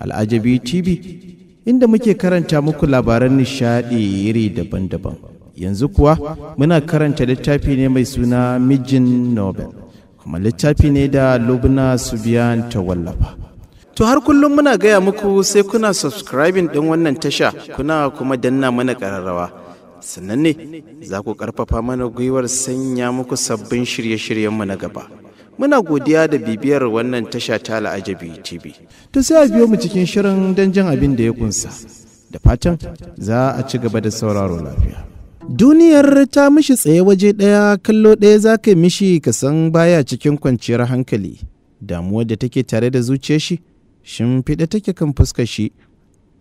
Al'ajabi TV inda muke karanta muku labaran nishaɗi iri daban-daban. Yanzu kuwa muna karanta littafi ne mai suna Mijin Nobel, kuma littafi ne da Lubna Subiyan ta wallafa. To har kullum muna gaya muku sai kuna subscribing ɗin wannan tasha kuna kuma danna mana ƙararrawa. sannan ne za ku ƙarfafa mana gwiwar sanya muku sabbin shirye-shiryenmu na gaba. Muna godiya da bibiyar wannan tasha ta La'ajabi TV. Ta sai a biyo mu cikin shirin don jin abin da ya kunsa. Da fatan za a ci gaba da sauraro lafiya. Duniyar ta mishi tsaye waje ɗaya kallo ɗaya za ka mishi ka san baya cikin kwanciyar hankali. damuwa da take tare da zuciya shi, shimfiɗa take kan fuskar shi,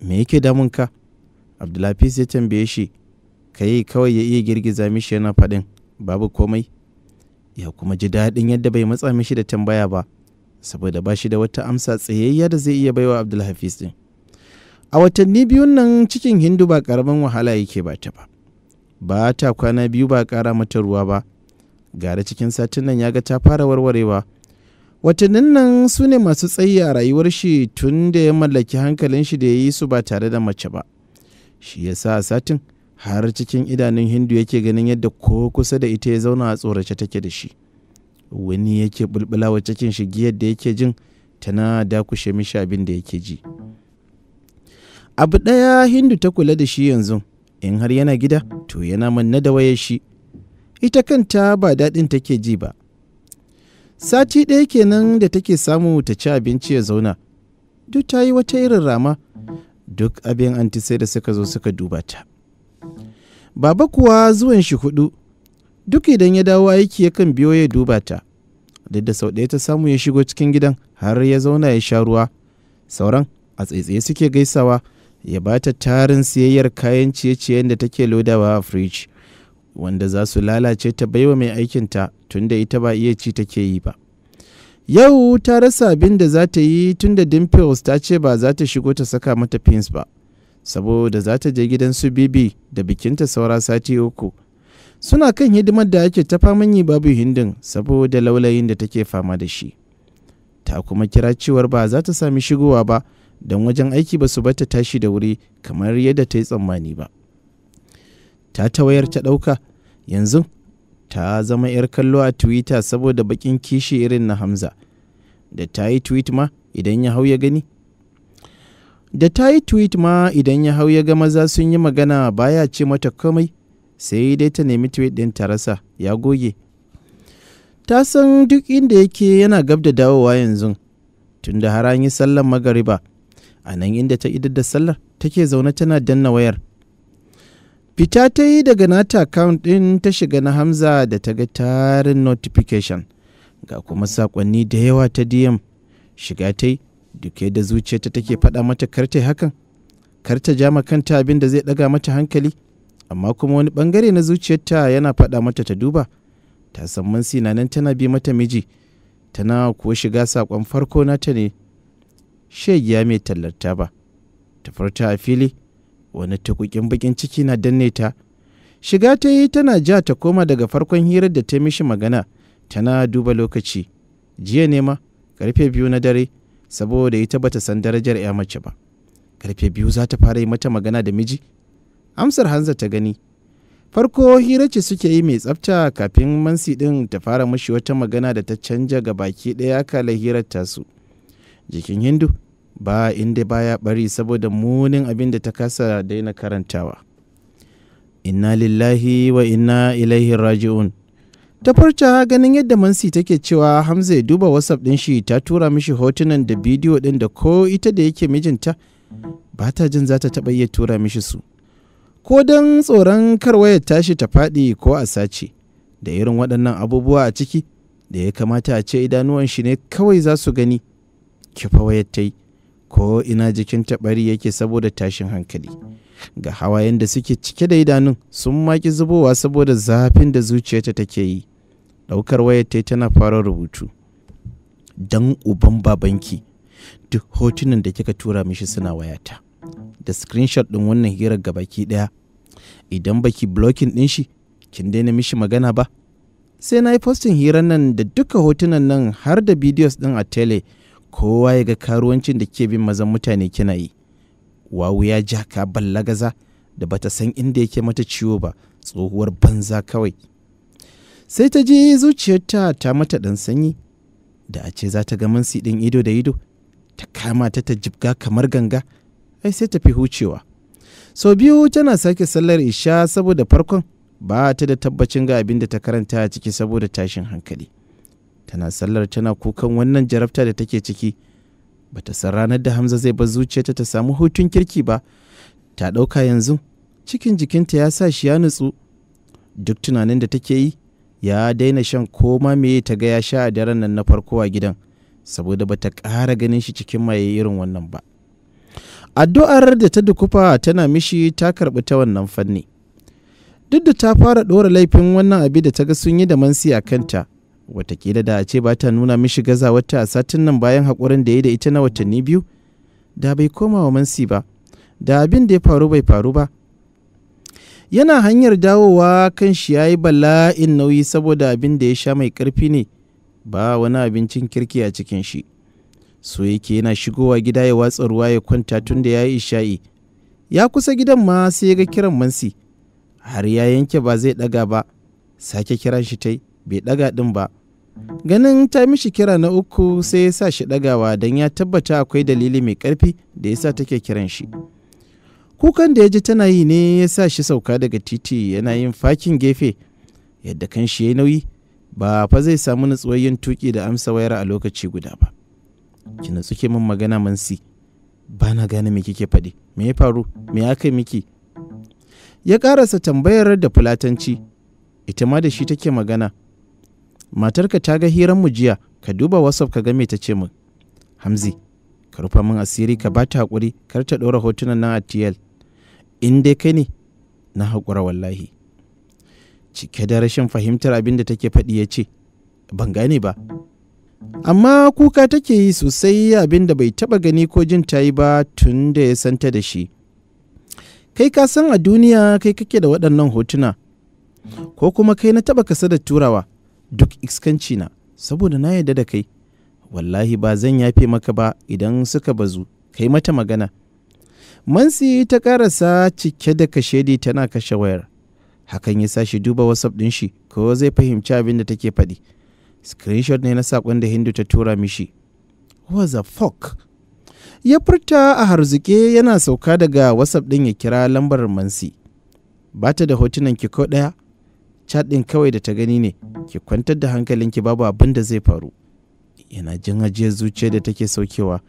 me yake damunka? Abdulhafiz ya tambaye shi, ka yi kawai ya iya girgiza mishi yana faɗin babu komai ya kuma ji daɗin yadda bai matsa mishi da tambaya ba saboda ba shi da wata amsa tsayayya da zai iya baiwa abdulhafiz din a watanni biyun nan cikin hindu ba karamin wahala yake ba ta ba ba ta kwana biyu ba kara mata ruwa ba gara cikin satin nan ya ga ta fara warwarewa watannin nan su ne masu tsayi a rayuwar shi tun da ya mallaki hankalin shi da ya yi su ba tare da mace ba shi yasa a satin har cikin idanun hindu yake ganin yadda ko kusa da ita ya zauna a tsorace take da shi wani yake bulbulawa cikin shi yadda yake jin tana dakushe mishi abin da yake ji abu ɗaya hindu ta kula da shi yanzu in har yana gida to yana manna da wayar shi ita kanta ba daɗin take ji ba sati ɗaya kenan da take samu ta ci abinci ya zauna duk ta yi wata irin rama duk abin anti sai da suka zo suka duba ta baba kuwa zuwan shi hudu duk idan ya dawo aiki yakan biyo ya duba ta duk da sau ɗaya ta samu ya shigo cikin gidan har ya zauna ya sha ruwa sauran a tsaitsaye suke gaisawa ya ba ta tarin siyayyar kayan ciye-ciyen da take lodawa a firij wanda za su lalace ta baiwa mai aikin aikinta tunda ita ba iya ci take yi ba yau ta rasa abin da za ta yi tunda dimples ta ce ba za ta shigo ta saka mata pins ba saboda za ta je gidan su bibi da bikinta saura sati uku suna kan hidimar da ake ta faman yi babu hindin saboda laulayin da take fama da shi ta kuma kira cewar ba za ta sami shigowa ba don wajen aiki ba su bata tashi da wuri kamar yadda ta yi tsammani ba ta tawayar ta ɗauka yanzu ta zama 'yar kallo a twitter saboda bakin kishi irin na hamza da ta yi tweet ma idan ya hau ya gani da ta yi tweet ma idan ya hau ya ga maza sun yi magana baya ce mata komai sai dai ta nemi tweet ɗin ta rasa ya goge ta san duk inda yake yana gab da dawowa yanzu tun da har an yi sallar magariba a nan inda ta idar da sallar take zaune tana danna wayar fita ta yi daga nata account ɗin ta shiga na hamza da ta ga tarin notification ga kuma sakonni da yawa ta dm shiga ta yi duk yadda zuciyarta take faɗa mata karta hakan karta ja kanta abin da zai ɗaga mata hankali amma kuma wani ɓangare na zuciyarta yana faɗa mata ta duba ta san mansi na nan tana bi mata miji tana kuwa shiga saƙon farko nata ne shegiya mai tallarta ba ta furta a fili wani tukukin bakin ciki na danne ta shiga ta yi tana ja ta koma daga farkon hirar da ta mishi magana tana duba lokaci jiya ne ma karfe biyu na dare saboda ita bata san darajar ya mace ba karfe biyu za ta fara yi mata magana da miji amsar hanza ta gani farko hira ce suke yi mai tsafta kafin mansi din ta fara mashi wata magana da ta canja ga baki ɗaya kala hirar su jikin hindu ba inda baya bari saboda munin abin da ta kasa daina karantawa inna lillahi wa inna ilaihi raji'un ta farca ganin yadda mansi take cewa hamza ya duba whatsapp din shi ta tura mishi hotunan da bidiyo din da ko ita da yake mijinta ba ta jin za ta taɓa iya tura mishi su ko don tsoron kar wayar tashi ta faɗi ko a sace da irin waɗannan abubuwa a ciki da ya kamata a ce idanuwan shi ne kawai za su gani kifa wayar ta yi ko ina jikin taɓari yake saboda tashin hankali ga hawayen da suke cike da idanun sun maki zubowa saboda zafin da zuciyarta take yi daukar wayar ta tana fara rubutu dan uban babanki duk hotunan da kika tura mishi suna wayata da screenshot din wannan hirar gabaki daya idan baki blocking din shi kin daina mishi magana ba sai na yi postin hirar nan da duka hotunan nan har da videos ɗin a tele kowa ya ga karuwancin da kike bin mazan mutane kina yi wawu ya ja ka ballagaza da bata san inda yake mata ciwo ba tsohuwar banza kawai sai ta je zuciyarta ta mata ɗan sanyi da a ce za ta ga mansi ɗin ido da ido ta kama ta ta jibga kamar ganga ai sai ta fi hucewa sau biyu tana sake sallar isha saboda farkon ba ta da tabbacin ga abin da ta karanta a ciki saboda tashin hankali tana sallar tana kukan wannan jarabta da take ciki ba ta san ranar da hamza zai bar zuciyarta ta samu hutun kirki ba ta ɗauka yanzu cikin jikinta ya sa shi ya nutsu duk tunanin da take yi ya daina shan koma me ta ga ya sha a daren nan na farko a gidan saboda ba ta ƙara ganin shi cikin maye irin wannan ba addu'ar da ta dukufa tana mishi ta karɓi ta wannan fanni duk da ta fara ɗora laifin wannan abin da ta ga sun yi da mansi a kanta watakila da a ce ba ta nuna mishi wata a satin nan bayan haƙurin da ya da ita na watanni biyu da bai koma wa mansi ba da abin da ya faru bai faru ba yana hanyar dawowa kan shi ya yi bala'in nauyi saboda abin da ya sha mai ƙarfi ne ba wani abincin kirki a cikin shi so yake yana shigowa gida ya watsa ruwa ya kwanta tun da ya yi isha'i ya kusa gidan ma sai ya ga kiran mansi har ya yanke ba zai ɗaga ba sake kiran shi ta bai ɗaga ɗin ba ganin ta mishi kira na uku sai ya sa shi ɗagawa don ya tabbata akwai dalili mai ƙarfi da ya sa take kiran shi. kukan da ya ji tana yi ne ya sa shi sauka daga titi yana yin fakin gefe yadda kan shi ya nauyi ba fa zai samu nutsuwar yin tuki da amsa wayar a lokaci guda ba ki na min magana mansi ba na gane me kike faɗi me ya faru me ya kai miki ya karasa tambayar da fulatanci ita ma da shi take magana matarka ta ga hiran mu jiya ka duba whatsapp ka ga me ta ce min hamzi ka rufa min asiri ka ba ta haƙuri kar ta dora hotunan nan a tl in dai kai ne na haƙura wallahi cike da rashin fahimtar abin da take faɗi ya ce ban gane ba amma kuka take yi sosai abin da bai taɓa gani ko jin ta yi ba tun da ya santa da shi kai ka san a duniya kai kake da waɗannan hotuna ko kuma kai na taɓa kasa da turawa duk iskanci na saboda na yarda da kai wallahi ba zan yafe maka ba idan suka bazu kai mata magana Mansi ta karasa cike da kashedi tana kashe wayar. Hakan ya sa shi duba WhatsApp ɗin shi ko zai fahimci abin da take faɗi. Screenshot ne na sakon da Hindu ta tura mishi. What the fuck? Ya furta a harzuke yana sauka daga WhatsApp ɗin ya kira lambar Mansi. bata da hotunan ki ko ɗaya? Chat ɗin kawai da ta gani ne. Ki kwantar da hankalinki babu abin da zai faru. Yana jin ajiyar zuciya da take saukewa.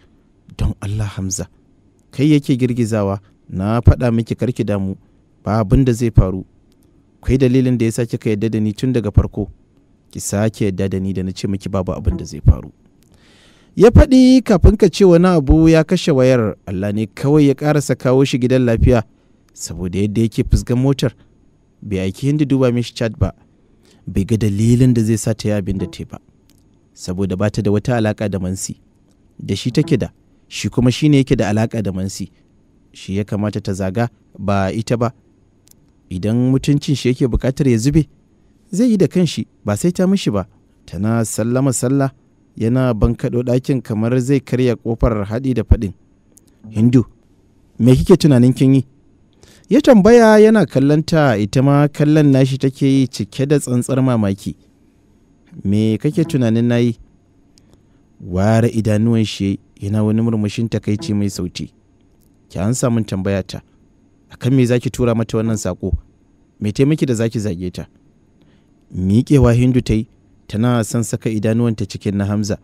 Don Allah Hamza. kai yake girgizawa na faɗa miki karki damu ba abin da zai faru kai dalilin da ya sake ka yadda da ni tun daga farko ki sake yadda da ni da na ce miki babu abin da zai faru ya faɗi kafin ka ce wani abu ya kashe wayar Allah ne kawai ya ƙarasa kawo shi gidan lafiya saboda yadda yake fusgan motar bai aiki hindi duba mishi chat ba bai ga dalilin da zai sa ta yi abin da ta ba saboda ba ta da wata alaka da mansi da shi take da shi kuma shi shine yake da alaka da mansi shi ya kamata ta zaga ba ita ba idan mutuncin shi yake bukatar ya zube zai yi da kanshi ba sai ta mishi ba tana sallama sallah yana bankaɗo ɗakin kamar zai karya ƙofar haɗi da faɗin hindu me kike tunanin kin yi ya tambaya yana kallonta ita ma kallon nashi take yi cike da tsantsar mamaki me kake tunanin nayi ware idanuwan shi yana wani murmushin takaici mai sauti ki an samun tambaya ta akan me zaki tura mata wannan sako me taimaki da zaki zage ta miƙewa hindu ta yi tana son saka idanuwanta cikin na hamza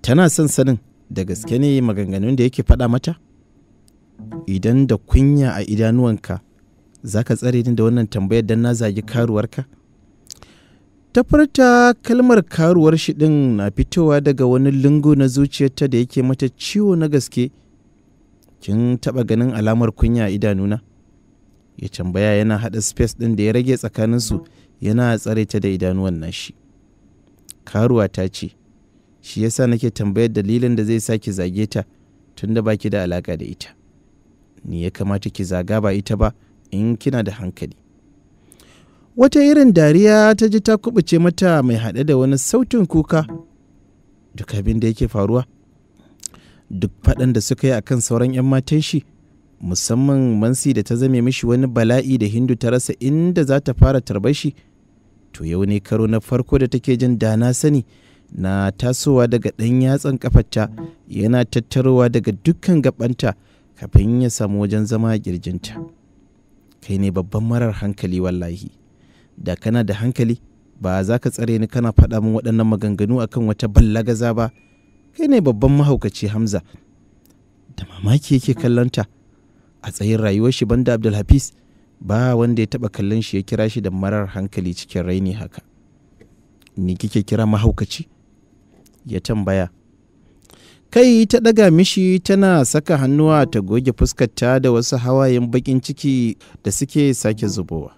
tana son sanin da gaske ne maganganun da yake faɗa mata idan da kunya a idanuwanka za ka tsare ni da wannan tambayar don na zagi karuwarka ta furta kalmar karuwar shi ɗin na fitowa daga wani lungu na zuciyarta da yake mata ciwo na gaske kin taɓa ganin alamar kunya a idanuna ya tambaya yana haɗa space ɗin da ya rage tsakaninsu yana tsare ta da idanuwan nashi karuwa ta ce shi yasa nake tambayar dalilin da zai sake zage ta tun da baki da alaka da ita ni ya kamata ki zaga ba ita ba in kina da hankali wata irin dariya ta ji ta kubuce mata mai haɗe da wani sautin kuka duk abin da yake faruwa duk faɗan da suka yi a kan sauran 'yan matan shi musamman mansi da ta zame mishi wani bala'i da hindu ta rasa inda za ta fara tarbar shi to yau ne karo na farko da take jin dana sani na tasowa daga ɗan yatsan kafarta yana tattarowa daga dukkan gabanta kafin ya samu wajen zama girjinta kai ne babban marar hankali wallahi da kana da hankali ba za ka tsare ni kana faɗa min waɗannan maganganu akan wata ballagaza ba kai ne babban mahaukaci hamza da mamaki yake kallonta a tsayin rayuwar shi banda abdulhafis ba wanda ya taɓa kallon shi ya kira shi da marar hankali cikin raini haka ni kike kira mahaukaci ya tambaya kai ta ɗaga mishi tana saka hannuwa ta goge fuskarta da wasu hawayen baƙin ciki da suke sake zubowa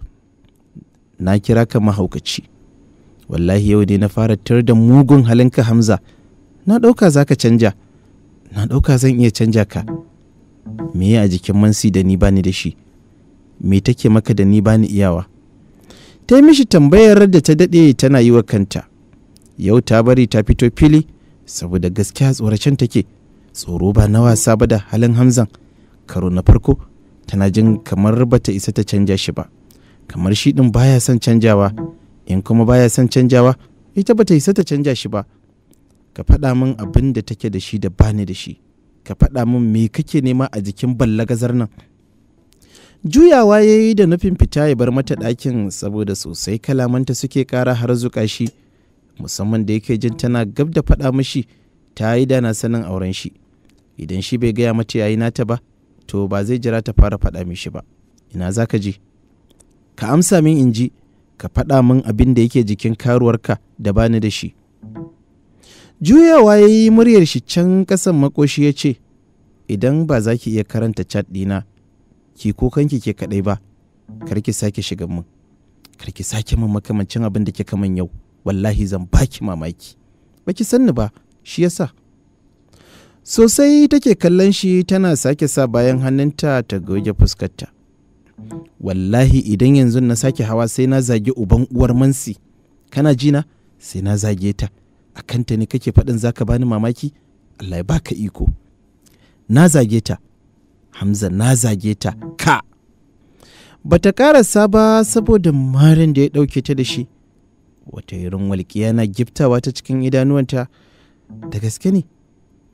na kira ka mahaukaci wallahi yau ne na fara tar da mugun halinka hamza na ɗauka za ka canja na ɗauka zan iya canja ka me a jikin mansi da ni bani da shi me take maka da ni bani iyawa ta yi mishi tambayar da ta daɗe tana yi wa kanta yau ta bari ta fito fili saboda gaskiya tsoracen take tsoro ba na wasa ba da halin hamzan karo na farko tana jin kamar bata isa ta canja shi ba kamar shi ɗin baya son canjawa in kuma baya son canjawa ita ba ta isa ta canja shi ba ka faɗa min abin da take da shi da bani da shi ka faɗa min me kake nema a jikin ballagazar nan juyawa ya yi da nufin fita ya bar mata ɗakin saboda sosai kalamanta suke ƙara har zuƙa shi musamman da yake jin tana gab da faɗa mishi ta yi da na sanin auren shi idan shi bai gaya mata yayi nata ba to ba zai jira ta fara faɗa mishi ba ina zaka je ka amsa min in ji ka faɗa min abin da yake jikin karuwarka da bani da shi juyawa ya yi muryar shi can ƙasan makoshi ya ce idan ba za ki iya karanta chat ɗina ki kukanki ke kaɗai ba karki sake shiga min karki sake min makamancin abin da kika min yau wallahi zan baki mamaki ba ki sanni ba shi yasa sosai take kallon shi tana sake sa bayan hannunta ta goge fuskarta wallahi idan yanzu na sake hawa sai na zage uban uwar mansi kana jina sai na zage ta a kanta ne kake faɗin za ka bani mamaki Allah ya baka iko na zage ta hamza na zage ta ka bata karasa ba saboda marin da ya ɗauke ta da shi wata irin walƙiya na giftawa ta cikin idanuwanta da gaske ne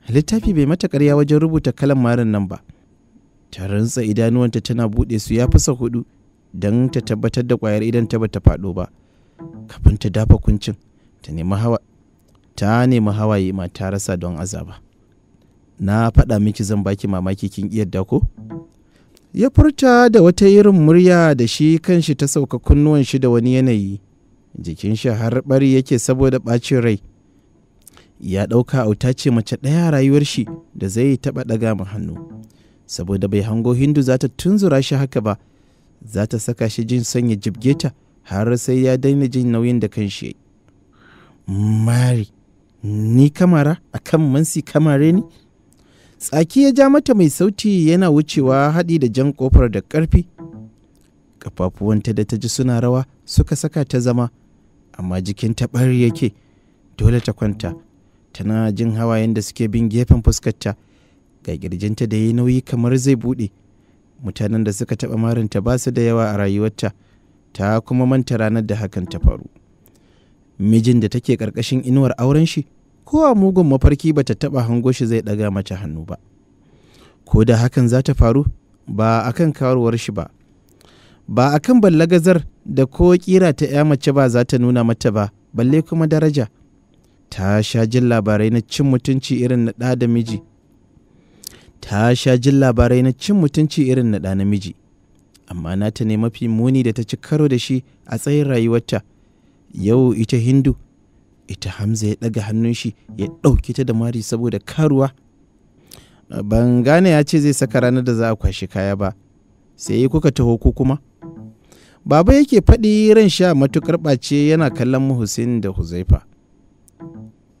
littafi bai mata ƙarya wajen rubuta kalan marin nan ba ta rantsa idanuwanta tana buɗe su ya fasa hudu don ta tabbatar da ƙwayar idan ta bata faɗo ba kafin ta dafa kuncin ta nemi hawa ta nemi hawaye ma ta rasa don azaba na faɗa miki zan baki mamaki kin iya ko ya furta da wata irin murya da shi kanshi ta sauka kunnuwan shi da wani yanayi jikin shi har bari yake saboda ɓacin rai ya ɗauka auta ce mace ɗaya rayuwar shi da zai taɓa ɗaga mu hannu saboda bai hango hindu za ta tunzura shi haka ba za ta saka shi jin sanya jibgeta har sai ya daina jin nauyin da kan shi mari ni kamara a kan mansi kamare ni tsaki ya ja mata mai sauti yana wucewa haɗi da jan ƙofar da ƙarfi ƙafafuwanta da ta ji suna rawa suka saka ta zama amma jikin taɓar yake dole ta kwanta tana jin hawayen da suke bin gefen fuskarta ga kirjinta da ya nauyi kamar zai buɗe mutanen da suka taɓa marinta ba su da yawa a rayuwarta ta kuma manta ranar da hakan ta faru mijin da take ƙarƙashin inuwar auren shi ko a mugun mafarki ba ta taɓa hango shi zai ɗaga mata hannu ba ko da hakan za ta faru ba a kan karuwar shi ba ba a kan ballagazar da ko kira ta ya mace ba za ta nuna mata ba balle kuma daraja ta sha jin labarai na cin mutunci irin na da miji ta sha jin labarai na cin mutunci irin na ɗa namiji amma nata ne mafi muni da ta ci karo da shi a tsayin rayuwarta yau ita hindu ita hamza ya ɗaga hannun shi ya ɗauki ta da mari saboda karuwa ban gane ya ce zai saka ranar da za a kwashi kaya ba sai yi kuka taho ko kuma baba yake faɗi ran sha matukar ɓace yana kallon mu da Huzaifa.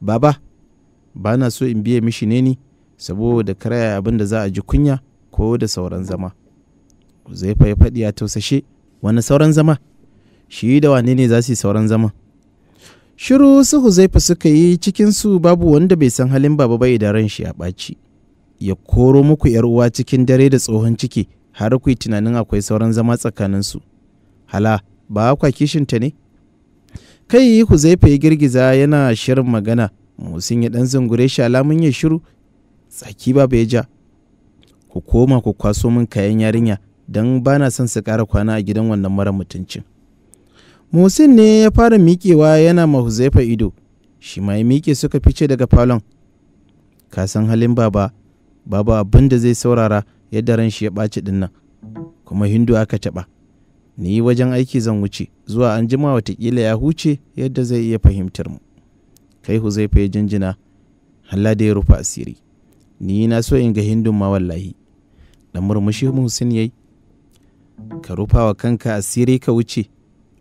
Baba, bana so in biye mishi ne ni, saboda karaya abin da za a ji kunya ko da sauran zama zai ya faɗi ya tausashe wani sauran zama shi da wane ne za su yi sauran zama shiru su huzaifa suka yi cikin su babu wanda bai san halin baba bai da ran shi a ɓaci ya koro muku yar uwa cikin dare da tsohon ciki har ku yi tunanin akwai sauran zama tsakaninsu hala ba kwa ta ne kai Ku huzaifa ya girgiza yana shirin magana musin ya ɗan zungure shi alamun ya shiru tsaki ba ya ja ku koma ku kwaso min kayan yarinya don ba na son su ƙara kwana a gidan wannan mara mutuncin musin ne ya fara miƙewa yana ma mahuzaifa ido shi ma ya miƙe suka fice daga falon ka san halin baba babu abin da zai saurara yadda ran shi ya ɓaci ɗin kuma hindu aka taɓa ni wajen aiki zan wuce zuwa an jima watakila ya huce yadda zai iya fahimtar mu kai huzaifa ya jinjina Allah da ya rufe asiri ni na so in ga hindun ma wallahi da murmushi musin yayi ka rufa wa kanka asiri ka wuce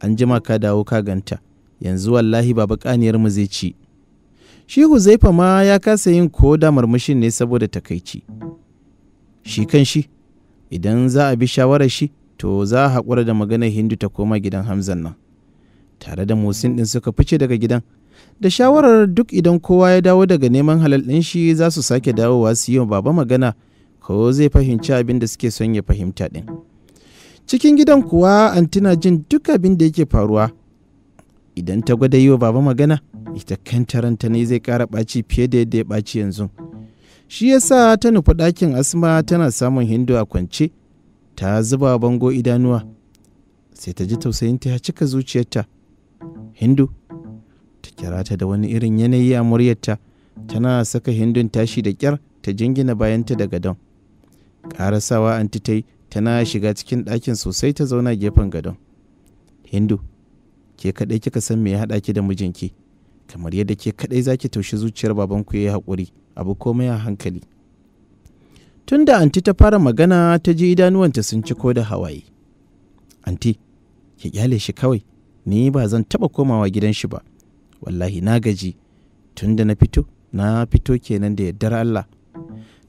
an jima ka dawo ka ganta yanzu wallahi baba kaniyar mu zai ci shi huzaifa ma ya kasa yin ko da murmushin ne saboda takaici shi kan shi idan za a bi shawarar shi to za a haƙura da maganar hindu ta koma gidan hamzan nan tare da musin ɗin suka fice daga gidan da shawarar duk idan kowa ya dawo daga neman halal ɗin shi za su sake dawowa su yi baba magana ko zai fahimci abin da suke son ya fahimta ɗin cikin gidan kuwa antina jin duk abin da yake faruwa idan ta gwada yi wa baba magana ita kantaranta ne zai ƙara ɓaci fiye da yadda ya ɓaci yanzu shi yasa ta nufi ɗakin asma tana samun hindu a kwance ta zuba bango idanuwa sai ta ji tausayin ta ya cika zuciyarta hindu ta kira ta da wani irin yanayi a muryarta tana saka hindun tashi da kyar ta jingina bayanta da gadon karasawa anti ta yi tana shiga cikin ɗakin sosai ta zauna gefen gadon hindu ke kaɗai kika san me ya haɗa ki da mijinki kamar yadda ke kaɗai za ki taushi zuciyar babanku ya yi haƙuri abu komai a hankali tun da anti ta fara magana ta ji idanuwanta sun ci ko da hawaye anti ki kyale shi kawai ni ba zan taɓa komawa gidan shi ba wallahi na gaji tun da na fito na fito kenan da yardar Allah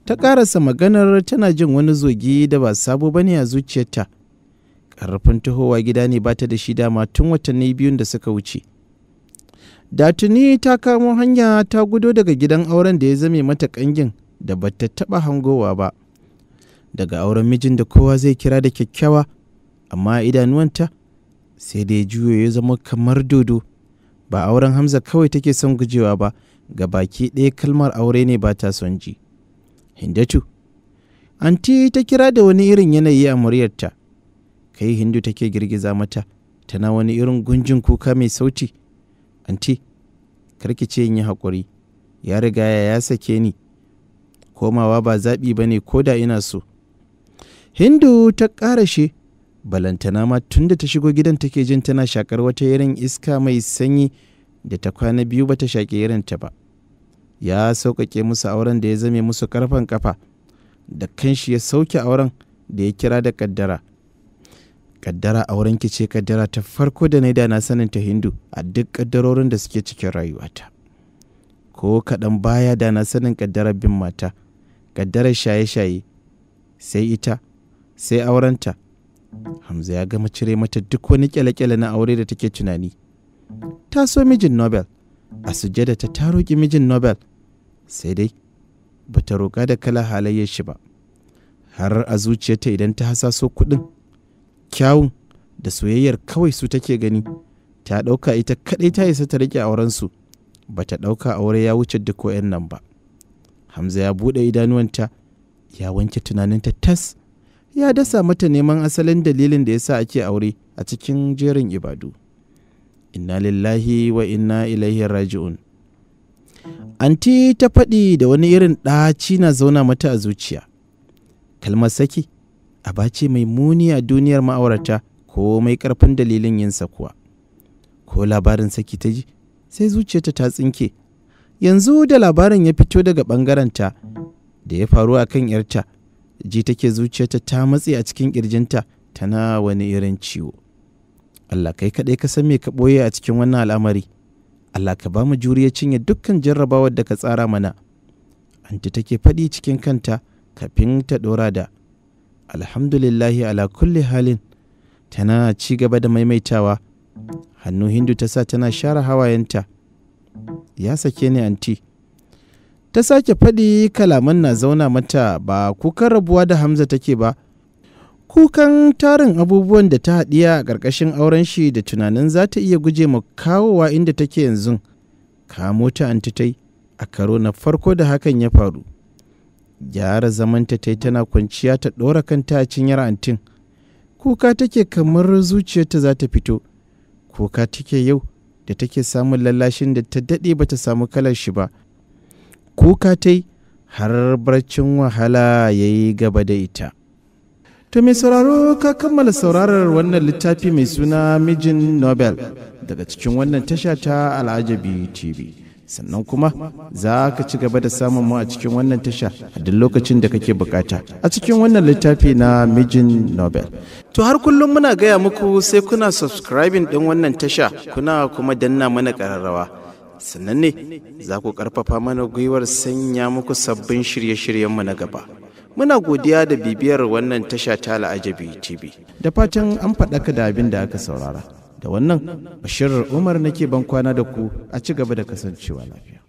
ta ƙarasa maganar tana jin wani zogi da ba sabo bane a zuciyarta ƙarfin tahowa gida ne bata da shi dama tun watanni biyun da suka wuce da tuni ta kamo hanya ta gudo daga gidan auren da ya zame mata ƙangin da ba ta taɓa hangowa ba daga auren mijin da kowa zai kira da kyakkyawa amma idanuwanta sai da ya juyo ya zama kamar dodo ba auren hamza kawai take son gujewa ba ga baki ɗaya kalmar aure ne ba ta son ji hindatu anti ta kira da wani irin yanayi a muryarta kai hindu take girgiza mata tana wani irin gunjin kuka mai sauti anti karki ce in yi haƙuri ya riga ya sake ni komawa ba zaɓi ba ne ko da ina so hindu ta ƙarashe balantana ma tun da ta shigo gidan take jin tana shakar wata yaren iska mai sanyi da ta kwana biyu ba ta shaƙi yaren ta ba ya sauƙaƙe musu auren da ya zame musu karfan kafa da kanshi ya sauke auren da ya kira da kaddara kaddara auren ki ce kaddara ta farko da na da na sanin ta hindu a duk kaddarorin da suke cikin rayuwata ko kaɗan baya da na sanin kaddara bin mata kaddarar shaye-shaye sai ita sai aurenta Hamza ya gama cire mata duk wani kyale-kyale na aure da take tunani. Ta so mijin Nobel, a sujada ta ta roƙi mijin Nobel, sai dai ba ta roƙa da kala halayyar shi ba. Har a zuciyarta idan ta hasaso kuɗin, kyawun da soyayyar kawai su take gani, ta ɗauka ita kaɗai ta isa ta riƙe aurensu, ba ta ɗauka aure ya wuce duk nan ba. Hamza ya buɗe idanuwanta, ya wanke tunaninta tas. ya dasa mata neman asalin dalilin da ya sa ake aure a cikin jerin ibadu inna lillahi wa inna ilaihi raji'un anti ta faɗi da wani irin ɗaci na zauna mata a zuciya kalmar saki a bace mai muni a duniyar ma'aurata ko mai ƙarfin dalilin yin sakuwa ko labarin saki ta ji sai zuciyarta ta tsinke yanzu da labarin ya fito daga ɓangaranta da ya faru a kan 'yarta ji take zuciyarta ta matse a cikin kirjinta tana wani irin ciwo Allah kai kaɗai ka san me ka ɓoye a cikin wannan al'amari Allah ka ba mu juriya cinye dukkan jarrabawar da ka tsara mana anti take faɗi cikin kanta kafin ta ɗora da alhamdulillahi ala kulli halin tana ci gaba da maimaitawa hannu hindu ta sa tana share hawayenta ya sake ni anti ta sake faɗi kalaman na zauna mata ba kukan rabuwa da hamza take ba kukan tarin abubuwan da ta haɗiya a ƙarƙashin auren shi da tunanin za ta iya guje ma kawowa inda take yanzu kamo ta antitai a karo na farko da hakan ya faru gyara zaman ta tai tana kwanciya ta ɗora kanta a cinyar antin kuka take kamar zuciyarta za ta fito kuka take yau da take samun lallashin da ta daɗe ba ta samu kalar shi ba kuka ta yi har barcin wahala ya yi gaba da ita to mai sauraro ka kammala saurarar wannan littafi mai suna mijin nobel daga cikin wannan tasha ta al'ajabi tv sannan kuma za ka ci gaba da samun mu a cikin wannan tasha a duk lokacin da kake bukata a cikin wannan littafi na mijin nobel to har kullum muna gaya muku sai kuna subscribing din wannan tasha kuna kuma danna mana kararrawa sannan ne za ku ƙarfafa mana gwiwar sanya muku sabbin shirye-shiryenmu na gaba. Muna godiya da bibiyar wannan tasha ta Al'ajabi TV. Da fatan an faɗaka da abin da aka saurara. Da wannan, Bashirar Umar nake ban kwana da ku a ci gaba da kasancewa lafiya.